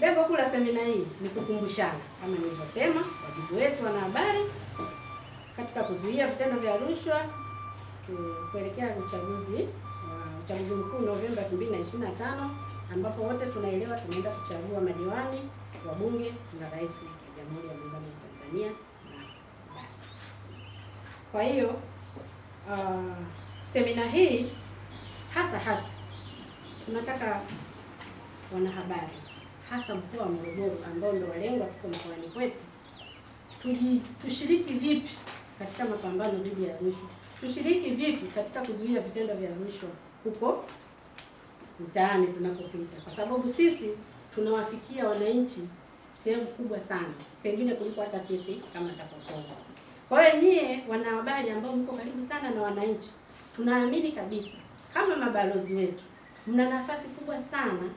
Lengo kuu la semina hii ni kukumbushana, kama nilivyosema, wajibu wetu wanahabari katika kuzuia vitendo vya rushwa kuelekea uchaguzi uh, uchaguzi mkuu Novemba 2025 ambapo wote tunaelewa tunaenda kuchagua madiwani, wabunge na rais wa Jamhuri ya Muungano wa Tanzania. Kwa hiyo uh, semina hii hasa hasa tunataka wanahabari hasa mkoa wa Morogoro ambao ndio walengwa katika mkoani kwetu, tuji tushiriki vipi katika mapambano dhidi ya rushwa? Tushiriki vipi katika kuzuia vitendo vya rushwa huko mtaani tunakopita, kwa sababu sisi tunawafikia wananchi sehemu kubwa sana, pengine kuliko hata sisi kama TAKUKURU. Kwa hiyo nyie wanahabari ambao mko karibu sana na wananchi, tunaamini kabisa kama mabalozi wetu, mna nafasi kubwa sana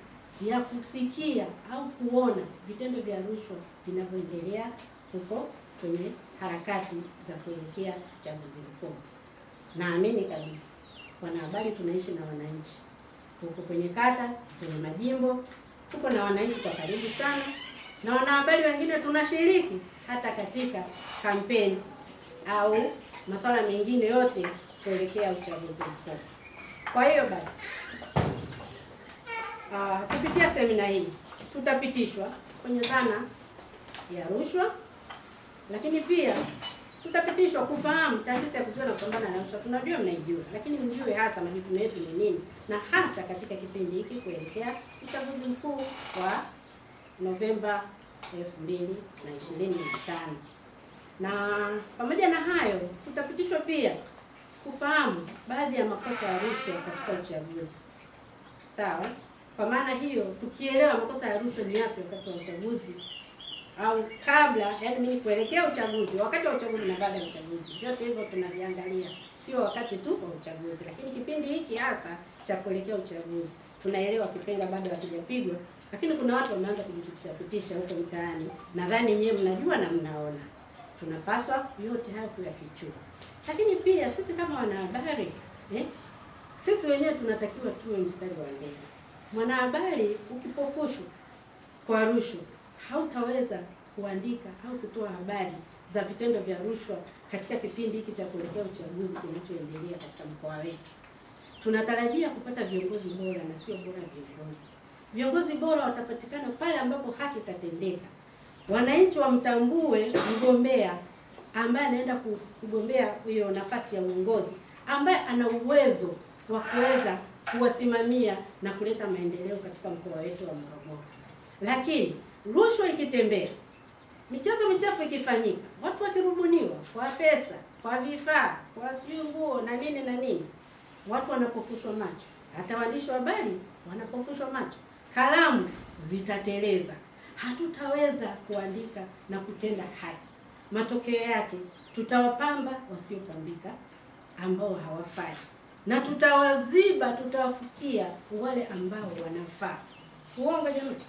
ya kusikia au kuona vitendo vya rushwa vinavyoendelea huko kwenye harakati za kuelekea uchaguzi mkuu. Naamini kabisa wanahabari tunaishi na wananchi huko kwenye kata, kwenye majimbo, tuko na wananchi kwa karibu sana, na wanahabari wengine tunashiriki hata katika kampeni au masuala mengine yote kuelekea uchaguzi mkuu. Kwa hiyo basi Uh, kupitia semina hii tutapitishwa kwenye dhana ya rushwa, lakini pia tutapitishwa kufahamu Taasisi ya Kuzuia na Kupambana na Rushwa. Tunajua mnaijua, lakini mjue hasa majukumu yetu ni nini, na hasa katika kipindi hiki kuelekea uchaguzi mkuu wa Novemba 2025. Na pamoja na hayo, tutapitishwa pia kufahamu baadhi ya makosa ya rushwa katika uchaguzi. Sawa? Kwa maana hiyo, tukielewa makosa ya rushwa ni yapi wakati wa uchaguzi au kabla, yani mimi kuelekea uchaguzi, wakati wa uchaguzi na baada ya uchaguzi, vyote hivyo tunaviangalia, sio wakati tu wa uchaguzi, lakini kipindi hiki hasa cha kuelekea uchaguzi tunaelewa kipenga bado hakijapigwa, lakini kuna watu wameanza kujipitisha pitisha huko mtaani. Nadhani nyewe mnajua na mnaona, tunapaswa yote hayo kuyafichua. Lakini pia sisi kama wanahabari eh, sisi wenyewe tunatakiwa tuwe mstari wa mbele. Mwanahabari ukipofushwa kwa rushwa, hautaweza kuandika au kutoa habari za vitendo vya rushwa katika kipindi hiki cha kuelekea uchaguzi kinachoendelea katika mkoa wetu. Tunatarajia kupata viongozi bora na sio bora viongozi. Viongozi bora watapatikana pale ambapo haki itatendeka, wananchi wamtambue mgombea ambaye anaenda kugombea hiyo nafasi ya uongozi, ambaye ana uwezo wa kuweza kuwasimamia na kuleta maendeleo katika mkoa wetu wa Morogoro. Lakini rushwa ikitembea, michezo michafu ikifanyika, watu wakirubuniwa kwa pesa, kwa vifaa, kwa sijui nguo na nini na nini, watu wanapofushwa macho, hata waandishi wa habari wanapofushwa macho, kalamu zitateleza, hatutaweza kuandika na kutenda haki. Matokeo yake tutawapamba wasiopambika ambao hawafai na tutawaziba, tutawafikia wale ambao wanafaa. Uongo jamani,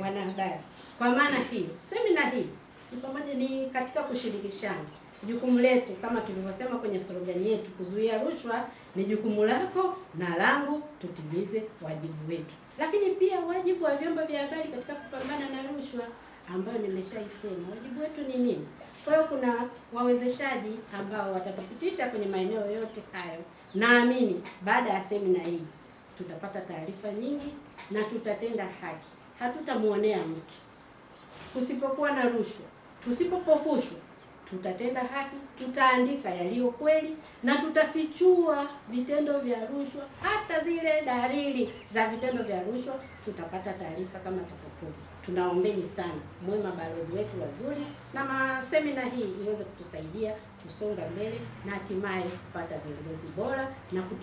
wanahabari. Kwa maana hiyo, semina hii ni pamoja, ni katika kushirikishana jukumu letu kama tulivyosema kwenye slogan yetu, kuzuia rushwa ni jukumu lako na langu, tutimize wajibu wetu, lakini pia wajibu wa vyombo vya habari katika kupambana na rushwa ambayo nimeshaisema. Wajibu wetu ni nini? Kwa hiyo kuna wawezeshaji ambao watatupitisha kwenye maeneo yote hayo. Naamini baada ya semina hii tutapata taarifa nyingi na tutatenda haki, hatutamuonea mtu. Kusipokuwa na rushwa, tusipopofushwa, tutatenda haki, tutaandika yaliyo kweli na tutafichua vitendo vya rushwa. Hata zile dalili za vitendo vya rushwa tutapata taarifa kama TAKUKURU tunaombeni sana mwe mabalozi wetu wazuri, na masemina hii iweze kutusaidia kusonga mbele na hatimaye kupata viongozi bora na